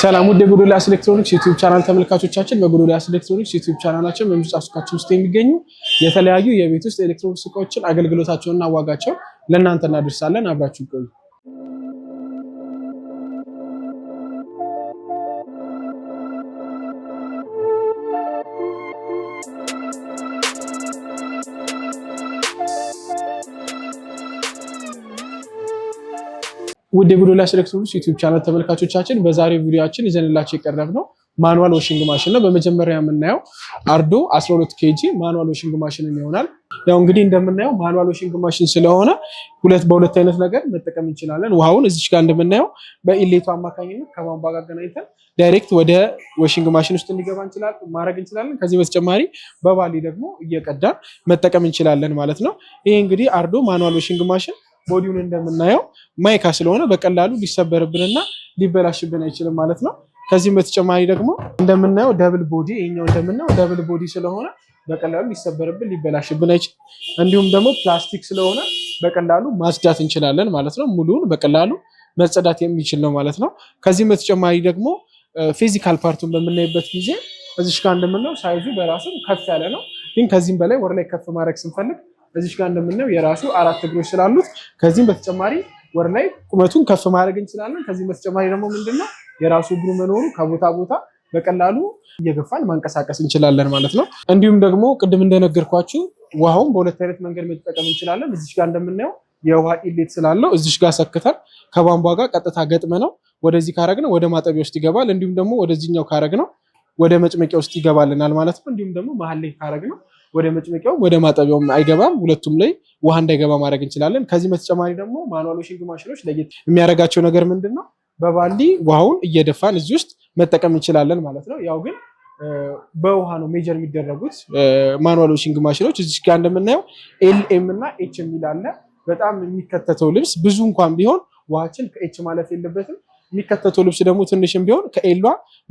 ሰላም ውድ የጎዶልያስ ኤሌክትሮኒክስ ዩቲዩብ ቻናል ተመልካቾቻችን፣ በጎዶልያስ ኤሌክትሮኒክስ ዩቲዩብ ቻናላችን በምርጫ ሱቃችን ውስጥ የሚገኙ የተለያዩ የቤት ውስጥ ኤሌክትሮኒክስ እቃዎችን አገልግሎታቸውና ዋጋቸው ለእናንተ እናደርሳለን። አብራችሁ ቆዩ። ውድ የጎዶልያስ ኤሌክትሮኒክስ ዩቲዩብ ቻናል ተመልካቾቻችን በዛሬው ቪዲዮችን ይዘንላቸው የቀረብ ነው ማኑዋል ዎሽንግ ማሽን ነው። በመጀመሪያ የምናየው አርዶ 12 ኬጂ ማኑዋል ዎሽንግ ማሽንን ይሆናል። ያው እንግዲህ እንደምናየው ማኑዋል ዎሽንግ ማሽን ስለሆነ ሁለት በሁለት አይነት ነገር መጠቀም እንችላለን። ውሃውን እዚች ጋር እንደምናየው በኢሌቱ አማካኝነት ከቧንቧ ጋር አገናኝተን ዳይሬክት ወደ ዎሽንግ ማሽን ውስጥ እንዲገባ ማድረግ እንችላለን። ከዚህ በተጨማሪ በባሊ ደግሞ እየቀዳን መጠቀም እንችላለን ማለት ነው። ይሄ እንግዲህ አርዶ ማኑዋል ዎሽንግ ማሽን ቦዲውን እንደምናየው ማይካ ስለሆነ በቀላሉ ሊሰበርብንና ሊበላሽብን አይችልም ማለት ነው። ከዚህም በተጨማሪ ደግሞ እንደምናየው ደብል ቦዲ ይኛው እንደምናየው ደብል ቦዲ ስለሆነ በቀላሉ ሊሰበርብን ሊበላሽብን አይችልም። እንዲሁም ደግሞ ፕላስቲክ ስለሆነ በቀላሉ ማጽዳት እንችላለን ማለት ነው። ሙሉውን በቀላሉ መጸዳት የሚችል ነው ማለት ነው። ከዚህም በተጨማሪ ደግሞ ፊዚካል ፓርቱን በምናይበት ጊዜ እዚሽ ጋር እንደምናየው ሳይዙ በራሱ ከፍ ያለ ነው። ግን ከዚህም በላይ ወር ላይ ከፍ ማድረግ ስንፈልግ እዚች ጋር እንደምናየው የራሱ አራት እግሮች ስላሉት ከዚህም በተጨማሪ ወር ላይ ቁመቱን ከፍ ማድረግ እንችላለን። ከዚህም በተጨማሪ ደግሞ ምንድነው የራሱ እግሩ መኖሩ ከቦታ ቦታ በቀላሉ እየገፋን ማንቀሳቀስ እንችላለን ማለት ነው። እንዲሁም ደግሞ ቅድም እንደነገርኳችሁ ውሃውን በሁለት አይነት መንገድ መጠቀም እንችላለን። እዚች ጋር እንደምናየው የውሃ ኢሌት ስላለው እዚች ጋር ሰክተን ከቧንቧ ጋር ቀጥታ ገጥመ ነው ወደዚህ ነው ወደ ማጠቢያ ውስጥ ይገባል። እንዲሁም ደግሞ ወደዚህኛው ነው ወደ መጭመቂያ ውስጥ ይገባልናል ማለት ነው። እንዲሁም ደግሞ መሀል ላይ ነው ወደ መጭመቂያውም ወደ ማጠቢያውም አይገባም። ሁለቱም ላይ ውሃ እንዳይገባ ማድረግ እንችላለን። ከዚህም በተጨማሪ ደግሞ ማኑዋል ዋሺንግ ማሽኖች ለየት የሚያደርጋቸው ነገር ምንድን ነው? በባልዲ ውሃውን እየደፋን እዚህ ውስጥ መጠቀም እንችላለን ማለት ነው። ያው ግን በውሃ ነው ሜጀር የሚደረጉት ማኑዋል ዋሺንግ ማሽኖች። እዚህ ጋር እንደምናየው ኤልኤም እና ኤች የሚል አለ። በጣም የሚከተተው ልብስ ብዙ እንኳን ቢሆን ውሃችን ከኤች ማለፍ የለበትም። የሚከተተው ልብስ ደግሞ ትንሽም ቢሆን ከኤሏ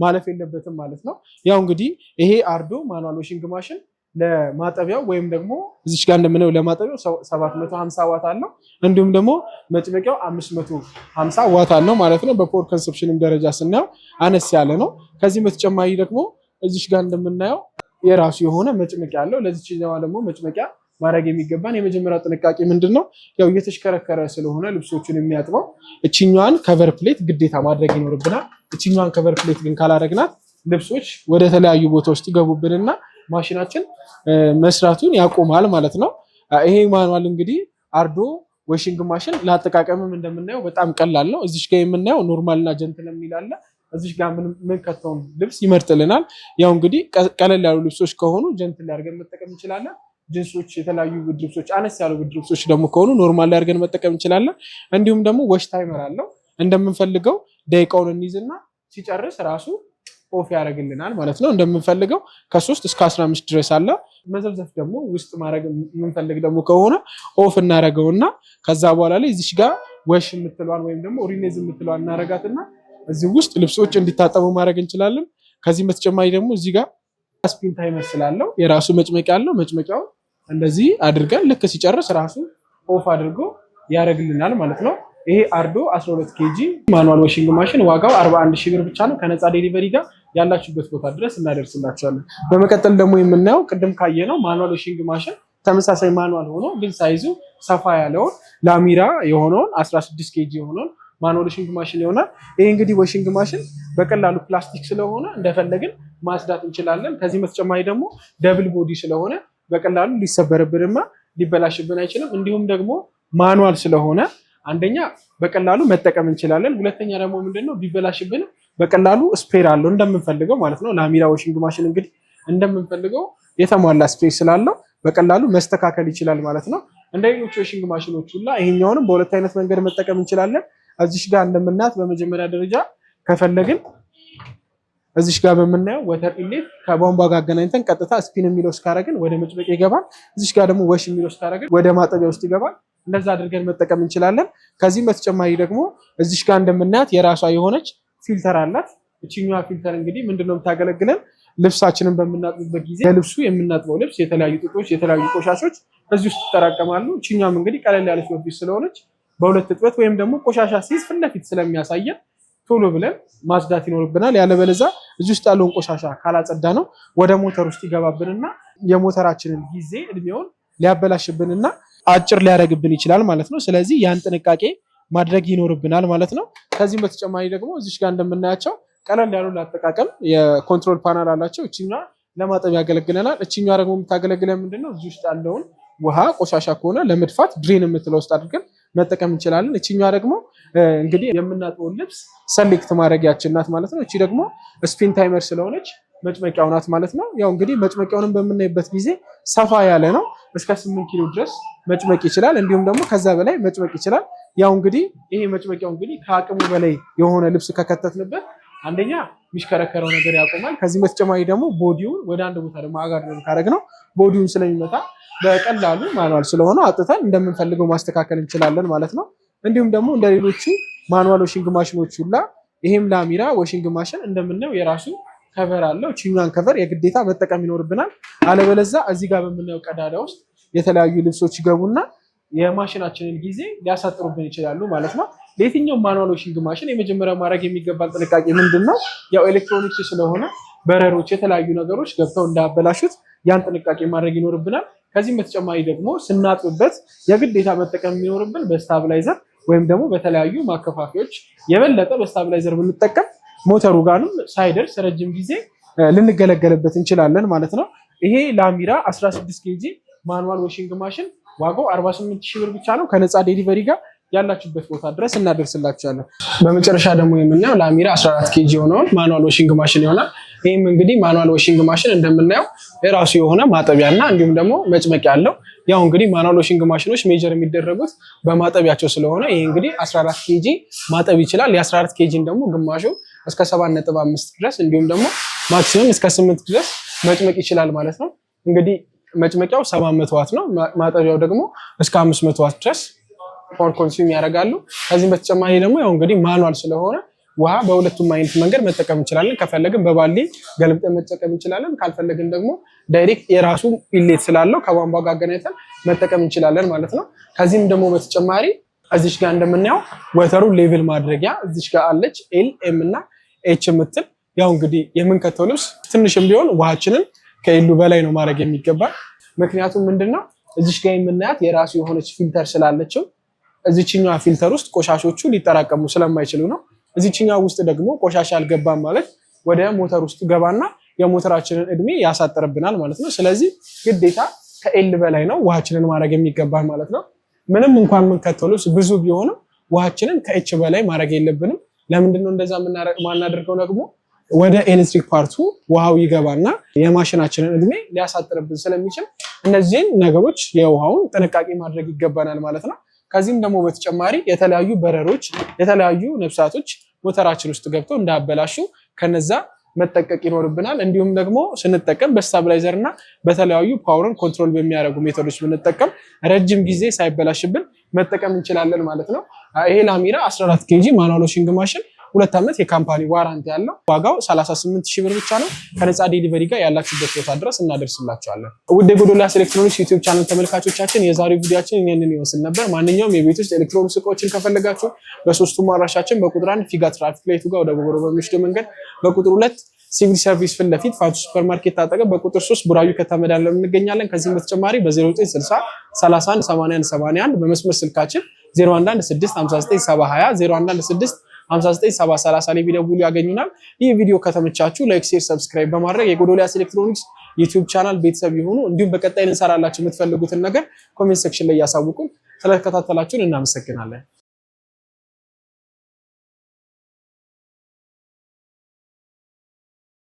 ማለፍ የለበትም ማለት ነው። ያው እንግዲህ ይሄ አርዶ ማኑዋል ዋሺንግ ማሽን ለማጠቢያው ወይም ደግሞ እዚች ጋር እንደምናየው ለማጠቢያው 750 ዋት አለው። እንዲሁም ደግሞ መጭመቂያው 550 ዋት አለው ማለት ነው። በፖር ኮንሰፕሽንም ደረጃ ስናየው አነስ ያለ ነው። ከዚህም በተጨማሪ ደግሞ እዚች ጋር እንደምናየው የራሱ የሆነ መጭመቂያ አለው። ለዚችኛዋ ደግሞ መጭመቂያ ማድረግ የሚገባን የመጀመሪያው ጥንቃቄ ምንድን ነው? ያው እየተሽከረከረ ስለሆነ ልብሶቹን የሚያጥበው እችኛዋን ከቨር ፕሌት ግዴታ ማድረግ ይኖርብናል። እችኛዋን ከቨር ፕሌት ግን ካላረግናት ልብሶች ወደ ተለያዩ ቦታዎች ትገቡብንና ማሽናችን መስራቱን ያቆማል ማለት ነው። ይሄ ማኑዋል እንግዲህ አርዶ ወሽንግ ማሽን ለአጠቃቀምም እንደምናየው በጣም ቀላል ነው። እዚሽ ጋር የምናየው ኖርማልና ጀንትል የሚል አለ። እዚሽ ጋር የምንከተውን ልብስ ይመርጥልናል። ያው እንግዲህ ቀለል ያሉ ልብሶች ከሆኑ ጀንትል አድርገን መጠቀም እንችላለን። ጅንሶች፣ የተለያዩ ብርድ ልብሶች፣ አነስ ያሉ ብርድ ልብሶች ደግሞ ከሆኑ ኖርማል ላይ አድርገን መጠቀም እንችላለን። እንዲሁም ደግሞ ወሽ ታይመር አለው እንደምንፈልገው ደቂቃውን እንይዝና ሲጨርስ ራሱ ኦፍ ያደርግልናል ማለት ነው። እንደምንፈልገው ከሶስት እስከ አስራ አምስት ድረስ አለ። መዘፍዘፍ ደግሞ ውስጥ ማድረግ የምንፈልግ ደግሞ ከሆነ ኦፍ እና ከዛ በኋላ ላይ እዚች ጋር ወሽ የምትለዋን ወይም ደግሞ ሪኔዝ የምትለዋን እናረጋትና እዚህ ውስጥ ልብሶች እንዲታጠቡ ማድረግ እንችላለን። ከዚህም በተጨማሪ ደግሞ እዚህ ጋር ስፒን ታይመር ስላለው የራሱ መጭመቂያ አለው። መጭመቂያውን እንደዚህ አድርገን ልክ ሲጨርስ ራሱ ኦፍ አድርጎ ያደርግልናል ማለት ነው። ይሄ አርዶ 12 ኬጂ ማኑዋል ዋሽንግ ማሽን ዋጋው 41 ሺ ብር ብቻ ነው ከነፃ ዴሊቨሪ ጋር ያላችሁበት ቦታ ድረስ እናደርስላቸዋለን። በመቀጠል ደግሞ የምናየው ቅድም ካየ ነው ማኑዋል ዋሺንግ ማሽን ተመሳሳይ ማኑዋል ሆኖ ግን ሳይዙ ሰፋ ያለውን ላሚራ የሆነውን 16 ኬጂ የሆነውን ማኑዋል ሽንግ ማሽን ይሆናል። ይህ እንግዲህ ወሽንግ ማሽን በቀላሉ ፕላስቲክ ስለሆነ እንደፈለግን ማጽዳት እንችላለን። ከዚህ በተጨማሪ ደግሞ ደብል ቦዲ ስለሆነ በቀላሉ ሊሰበርብንና ሊበላሽብን አይችልም። እንዲሁም ደግሞ ማኑዋል ስለሆነ አንደኛ በቀላሉ መጠቀም እንችላለን። ሁለተኛ ደግሞ ምንድነው ቢበላሽብንም በቀላሉ ስፔር አለው እንደምንፈልገው ማለት ነው። ላሚራ ዋሽንግ ማሽን እንግዲህ እንደምንፈልገው የተሟላ ስፔስ ስላለው በቀላሉ መስተካከል ይችላል ማለት ነው። እንደ ሌሎች ዋሽንግ ማሽኖች ሁላ ይሄኛውንም በሁለት አይነት መንገድ መጠቀም እንችላለን። እዚሽ ጋር እንደምናት በመጀመሪያ ደረጃ ከፈለግን እዚሽ ጋር በምናየው ወተር ኢንሌት ከቧንቧ ጋር አገናኝተን ቀጥታ ስፒን የሚለው እስካረግን ወደ መጭበቅ ይገባል። እዚሽ ጋር ደግሞ ወሽ የሚለው እስካረግን ወደ ማጠቢያ ውስጥ ይገባል። እንደዛ አድርገን መጠቀም እንችላለን። ከዚህም በተጨማሪ ደግሞ እዚሽ ጋር እንደምናያት የራሷ የሆነች ፊልተር አላት። እችኛዋ ፊልተር እንግዲህ ምንድነው የምታገለግለን? ልብሳችንን በምናጥብበት ጊዜ ልብሱ የምናጥበው ልብስ የተለያዩ ጥጦች፣ የተለያዩ ቆሻሾች በዚህ ውስጥ ይጠራቀማሉ። እችኛም እንግዲህ ቀለል ያለች ወፊስ ስለሆነች በሁለት እጥበት ወይም ደግሞ ቆሻሻ ሲይዝ ፊት ለፊት ስለሚያሳየን ቶሎ ብለን ማጽዳት ይኖርብናል። ያለበለዛ እዚህ ውስጥ ያለውን ቆሻሻ ካላጸዳ ነው ወደ ሞተር ውስጥ ይገባብንና የሞተራችንን ጊዜ እድሜውን ሊያበላሽብንና አጭር ሊያደርግብን ይችላል ማለት ነው። ስለዚህ ያን ጥንቃቄ ማድረግ ይኖርብናል ማለት ነው። ከዚህም በተጨማሪ ደግሞ እዚች ጋር እንደምናያቸው ቀለል ያሉ ለአጠቃቀም የኮንትሮል ፓናል አላቸው። እችኛ ለማጠብ ያገለግለናል። እችኛ ደግሞ የምታገለግለ ምንድነው እዚህ ውስጥ ያለውን ውሃ ቆሻሻ ከሆነ ለመድፋት ድሬን የምትለው ውስጥ አድርገን መጠቀም እንችላለን። እችኛ ደግሞ እንግዲህ የምናጥበውን ልብስ ሰሌክት ማድረጊያችን ናት ማለት ነው። እቺ ደግሞ ስፒን ታይመር ስለሆነች መጭመቂያው ናት ማለት ነው። ያው እንግዲህ መጭመቂያውንም በምናይበት ጊዜ ሰፋ ያለ ነው። እስከ ስምንት ኪሎ ድረስ መጭመቅ ይችላል። እንዲሁም ደግሞ ከዛ በላይ መጭመቅ ይችላል። ያው እንግዲህ ይሄ መጭመቂያው እንግዲህ ከአቅሙ በላይ የሆነ ልብስ ከከተትንበት አንደኛ የሚሽከረከረው ነገር ያቆማል። ከዚህ በተጨማሪ ደግሞ ቦዲውን ወደ አንድ ቦታ ደግሞ ካደረግ ነው ቦዲውን ስለሚመታ በቀላሉ ማንዋል ስለሆነ አጥተን እንደምንፈልገው ማስተካከል እንችላለን ማለት ነው። እንዲሁም ደግሞ እንደ ሌሎቹ ማንዋል ወሽንግ ማሽኖች ሁላ ይሄም ላሚራ ወሽንግ ማሽን እንደምናየው የራሱ ከቨር አለው። ችኛን ከቨር የግዴታ መጠቀም ይኖርብናል። አለበለዛ እዚህ ጋር በምናየው ቀዳዳ ውስጥ የተለያዩ ልብሶች ይገቡና የማሽናችንን ጊዜ ሊያሳጥሩብን ይችላሉ ማለት ነው። ለየትኛውም ማኑዋል ዊሽንግ ማሽን የመጀመሪያ ማድረግ የሚገባን ጥንቃቄ ምንድን ነው? ያው ኤሌክትሮኒክስ ስለሆነ በረሮች፣ የተለያዩ ነገሮች ገብተው እንዳበላሹት ያን ጥንቃቄ ማድረግ ይኖርብናል። ከዚህም በተጨማሪ ደግሞ ስናጥብበት የግዴታ መጠቀም የሚኖርብን በስታብላይዘር ወይም ደግሞ በተለያዩ ማከፋፊዎች የበለጠ በስታብላይዘር ብንጠቀም ሞተሩ ጋርም ሳይደርስ ረጅም ጊዜ ልንገለገልበት እንችላለን ማለት ነው። ይሄ ላሚራ 16 ኬጂ ማኑዋል ዋሽንግ ማሽን ዋጋው 48 ሺህ ብር ብቻ ነው ከነፃ ዴሊቨሪ ጋር ያላችሁበት ቦታ ድረስ እናደርስላችኋለን። በመጨረሻ ደግሞ የምናየው ለአሚራ 14 ኬጂ የሆነውን ማኑዋል ዋሽንግ ማሽን ይሆናል። ይህም እንግዲህ ማኑዋል ዋሽንግ ማሽን እንደምናየው የራሱ የሆነ ማጠቢያ እንዲሁም ደግሞ መጭመቂያ አለው። ያው እንግዲህ ማኑዋል ዋሽንግ ማሽኖች ሜጀር የሚደረጉት በማጠቢያቸው ስለሆነ ይህ እንግዲህ 14 ኬጂ ማጠብ ይችላል። የ14 ኬጂን ደግሞ ግማሹ እስከ 7.5 ድረስ እንዲሁም ደግሞ ማክሲመም እስከ 8 ድረስ መጭመቅ ይችላል ማለት ነው እንግዲህ መጭመቂያው 700 ዋት ነው። ማጠቢያው ደግሞ እስከ 500 ዋት ድረስ ፓወር ኮንሱም ያደርጋሉ። ከዚህም በተጨማሪ ደግሞ ያው እንግዲህ ማኗል ስለሆነ ውሃ በሁለቱም አይነት መንገድ መጠቀም እንችላለን። ከፈለግን በባሊ ገልብጠን መጠቀም እንችላለን። ካልፈለግን ደግሞ ዳይሬክት የራሱ ኢሌት ስላለው ከቧንቧ ጋር አገናኝተን መጠቀም እንችላለን ማለት ነው። ከዚህም ደግሞ በተጨማሪ እዚች ጋር እንደምናየው ወተሩ ሌቭል ማድረጊያ እዚች ጋር አለች ኤል ኤም እና ኤች የምትል ያው እንግዲህ የምንከተው ልብስ ትንሽም ቢሆን ውሃችንን ከኤሉ በላይ ነው ማድረግ የሚገባ ምክንያቱም ምንድነው እዚች ጋር የምናያት የራሱ የሆነች ፊልተር ስላለችው እዚችኛ ፊልተር ውስጥ ቆሻሾቹ ሊጠራቀሙ ስለማይችሉ ነው። እዚችኛ ውስጥ ደግሞ ቆሻሻ አልገባም ማለት ወደ ሞተር ውስጥ ገባና የሞተራችንን እድሜ ያሳጥርብናል ማለት ነው። ስለዚህ ግዴታ ከኤል በላይ ነው ውሃችንን ማድረግ የሚገባ ማለት ነው። ምንም እንኳን የምንከተሉ ብዙ ቢሆንም ውሃችንን ከኤች በላይ ማድረግ የለብንም። ለምንድነው እንደዛ ማናደርገው ደግሞ ወደ ኤሌክትሪክ ፓርቱ ውሃው ይገባና የማሽናችንን እድሜ ሊያሳጥርብን ስለሚችል እነዚህን ነገሮች የውሃውን ጥንቃቄ ማድረግ ይገባናል ማለት ነው። ከዚህም ደግሞ በተጨማሪ የተለያዩ በረሮች፣ የተለያዩ ነፍሳቶች ሞተራችን ውስጥ ገብተው እንዳበላሹ ከነዛ መጠቀቅ ይኖርብናል። እንዲሁም ደግሞ ስንጠቀም በስታብላይዘር እና በተለያዩ ፓወርን ኮንትሮል በሚያደርጉ ሜቶዶች ብንጠቀም ረጅም ጊዜ ሳይበላሽብን መጠቀም እንችላለን ማለት ነው። ይሄ ላሚራ 14 ኬጂ ማኑዋል ዋሺንግ ማሽን ሁለት ዓመት የካምፓኒ ዋራንት ያለው ዋጋው 38 ሺህ ብር ብቻ ነው። ከነፃ ዴሊቨሪ ጋር ያላችሁበት ቦታ ድረስ እናደርስላችኋለን። ውድ የጎዶልያስ ኤሌክትሮኒክስ ዩቲዩብ ቻናል ተመልካቾቻችን የዛሬው ቪዲዮችን ይህንን ይመስል ነበር። ማንኛውም የቤት ውስጥ ኤሌክትሮኒክስ እቃዎችን ከፈለጋችሁ በሶስቱ አድራሻችን በቁጥር አንድ ፊጋ ትራፊክ ላይቱ ጋር ወደ ጎጎሮ በሚወስደው መንገድ በቁጥር ሁለት ሲቪል ሰርቪስ ፊት ለፊት ፋንቱ ማርኬት አጠገብ በቁጥር ሶስት ቡራዩ ከተመዳ ላይ እንገኛለን። ከዚህም በተጨማሪ በ0960 31 81 81 በመስመር ስልካችን 0116597020 0116 597030 ላይ ቢደውሉ ያገኙናል። ይህ ቪዲዮ ከተመቻችሁ ላይክ፣ ሼር፣ ሰብስክራይብ በማድረግ የጎዶልያስ ኤሌክትሮኒክስ ዩቲዩብ ቻናል ቤተሰብ የሆኑ እንዲሁም በቀጣይ እንሰራላችሁ የምትፈልጉትን ነገር ኮሜንት ሴክሽን ላይ ያሳውቁን። ስለተከታተላችሁን እናመሰግናለን።